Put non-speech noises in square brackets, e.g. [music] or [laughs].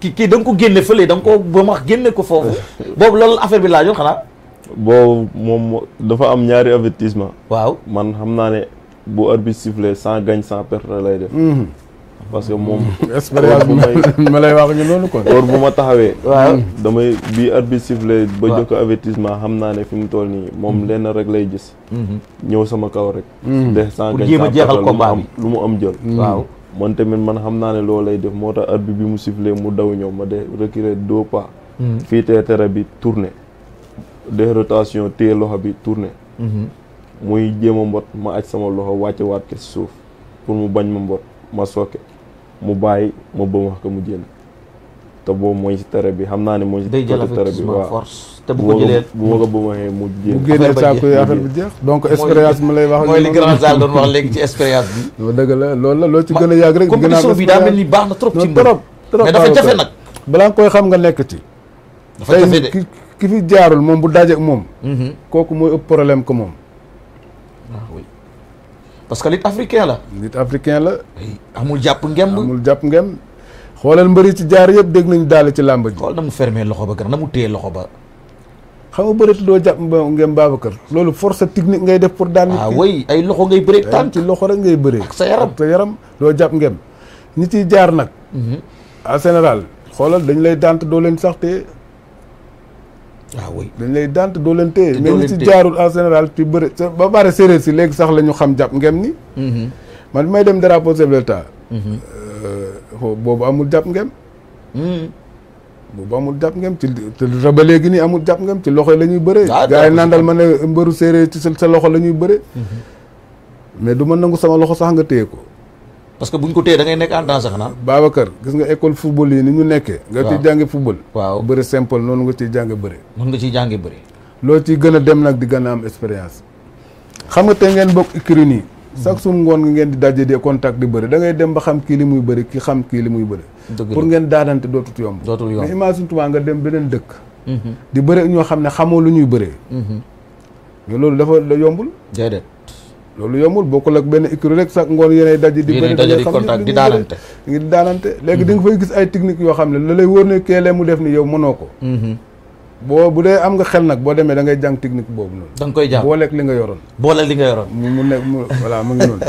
ki kii da ko génne fële da ko ba ma génne ko foofu boobu loolu affaire bi laajoon xanaa. boobu moom moo dafa am ñaari avertissement. waaw man xam naa ne bu arbitre sifflé sans gagne sans perte lay def. Mhm. parce que moom. [laughs] expérience wax ñu noonu kon. heure bu ma taxawee. waaw damay bi arbitre sifflé. ba jox ko avertissement xam naa ne fi mu toll nii moom mhm. lenn rek lay gis. Mhm. ñëw sama kaw rek. de sans gagne sans lu mu am jël. waaw. man tamit man xam naa ne loolu lay def moo tax arbitre bi mu sifflé mu daw ñëw ma de reculer deux pas. Hmm. fii te tere bi tourné. def rotation téye loxo bi tourné. Hmm. muy jéem a mbot ma aj sama loxo wàcce waat si suuf pour mu bañ ma mbot ma sokke mu bàyyi ma bëmax ko mu jénn te boobu mooy ci tere bi xam naa ne mooy. day jël avertissement force te bu ko jëlee bu wóor bu waxee mu génn. bu génnee saako yi affaire bi jeex. donc expérience ma lay wax. mooy li grand Sall doon wax léegi ci expérience bi. la a yàgg rek. a compétition bi daa moom bu moom. Mhm. kooku mooy ëpp problème que moom. Ah parce que lit africain la. lit africain la. amul jàpp ngemb amul jàpp ngemb. xoolal mbëri ci jaar yëpp dégg nañu daal ci làmb ji. xool na mu fermé loxo ba gën na mu téye loxo ba. xam nga bëreet doo jàpp ngeen Babacar loolu force technique ngay def pour daan. nit ki ah ay loxo ngay bëree tànk ci loxo rek ngay bëree. sa yaram yaram doo jàpp ngeen. ñi ciy jaar nag. Mhm. en général xoolal dañ lay dant doo leen sax téye. waaw ah dañ lay dant doo leen téye. mais ñi ci jaarul en général ci bëri ba pare séeréer si léegi sax la ñu xam jàpp ngeen ni. Mhm. man may dem drapeau chef de l'État mhm. euh, boobu amul jàpp ngem. Hmm. boobu amul jàpp ngeem ci te ba léegi nii amul jàpp ngem ci loxo la ñuy bëree. Ah, gaa yi naan ma ne mbëru séeréer ci sa loxo la ñuy bëree. Mhm. mais du ma nangu sama loxo sax nga téye ko. parce que buñ ko téye da nekk en temps sax na. Babacar gis nga école football yi ni ñu nekkee. nga ciy jànge football. waaw bëri simple noonu nga ciy jànge bëri. mën nga ciy jànge bëri. loo ciy gën a dem nag di gën a am expérience. xam nga tey ngeen bokk écurie nii chaque suñu ngoon nga ngeen di daje di contact di bëri da ngay dem ba xam kii li muy bëri ki xam kii li muy bëri pour ngeen daanante dootut yomb dootul yomb mais imagine tumaa nga dem beneen dëkk mm-hmm. di bëri ñoo xam ne xamoo lu ñuy bëree mm-hmm. mais loolu dafa yombul déedéet loolu yombul bokkul ak benn écurie rek sax ngoon yéenay daj di bëri daje di contact ngi di daanante léegi di nga mm-hmm. fay gis ay technique yoo xam ne la lay wóor ne keelee mu def ni yow mënoo ko boo bu dee am nga xel nag boo demee da ngay jàng technique boobu noonu. da nga koy jàng booleeg li nga yoroon. booleeg li nga yoroon. mu mu ne mu voilà mu ngi noonu.